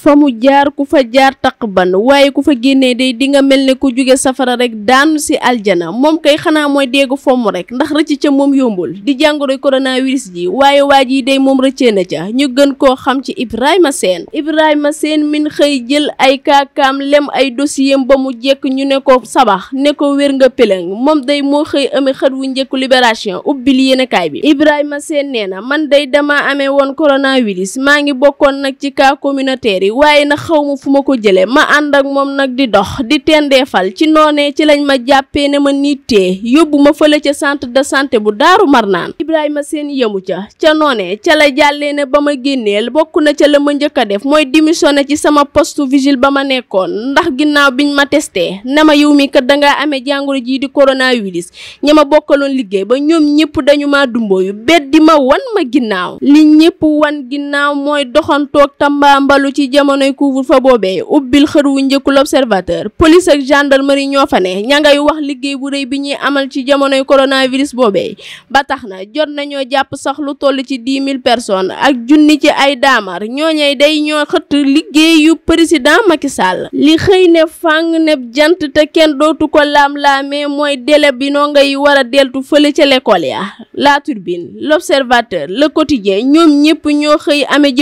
fa mu jaar ku fa jaar taq ban waaye ku fa génnee day di nga mel ne ku jóge safara rek daanu si aljana moom kay xanaa mooy deegu fomm rek ndax rëcc ca moom yombul di jàngoro coronavirus ji waaye waa ji day moom rëccee na ca ñu gën koo xam ci ma Ibrahima Sène ma séen min xëy jël ay kaakaam lem ay dossier ba mu jekk ñu ne ko sabax ne ko wér nga pëlëng moom day moo xëy amee xët wu njëkku libération ubbil yéenekaay bi ma Sène nee na man day dama amee woon coronavirus maa ngi bokkoon nag ci cas communautaire yi waaye nag xaw ma fu ma ko jëlee ma ànd ak moom nag di dox di tendeefal ci noonee ci lañ ma jàppee ne ma nit tee yóbbu ma fële ca sant de santé bu daaru marnaan Ibrahima seen yemu ca ca noonee ca la jàllee ne ba ma génneel bokk na ca la ma njëkk a def mooy démissionné ci sama postu vigile ba ma nekkoon ndax ginnaaw biñ ma testee ne ma yow mi kat dangaa amee jàngoro jii di coronavirus ña ma bokkaloon liggéey ba ñoom ñëpp dañu maa dumbooyu yu beddi ma wan ma ginnaaw li ñëpp wan ginnaaw mooy doxantoog tambaambalu jamonoy couvre-feu boobee ubbil xër wu njëkku l'observateur police ak gendarmerie ñoo fa ne ña ngay wax liggéey bu rëy bi ñuy amal ci jamonoy coronavirus boobee ba tax na jot nañoo jàpp sax lu toll ci 10 000 personnes ak junni ci ay daamar ñooñey day ñoo xëtt liggéey yu président Macky Sall li xëy ne fàng ne jant te kenn dootu ko laam-laamee mooy délai bi noo ngay war a deltu fële ca l'école ya La Turbine l'observateur le quotidien ñoom ñëpp ñoo xëy amee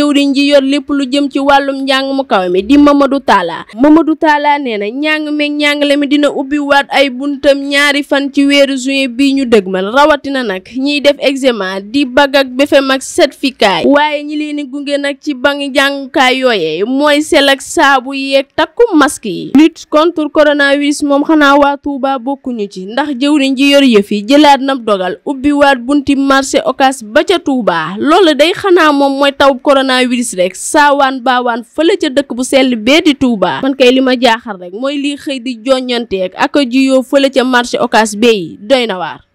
njàng mu kaw mi di Mamadou Talla Mamadou taalaa nee na njàng meeg njàngale mi dina ubbi waat ay buntam ñaari fan ci weeru juin bii ñu dëgmal rawatina nag ñiy def examen di bag ak BFEM ak certificat waaye ñi leen di gunge nag ci bangi jàngukaay yooye mooy sel ak saabu yeeg takku masque yi lutte contre coronavirus moom xanaa waa Touba bokkuñu ci ndax jëw li yor yëf yi jëlaat na dogal ubbi waat bunti marché Ocass ba ca tuubaa loolu day xanaa moom mooy taw coronavirus rek fële ca dëkk bu sell bee di tuubaa man kay li ma jaaxal rek mooy lii xëy di joññanteeg ak a jiyoo fële ca marché occas bee yi doy na waar.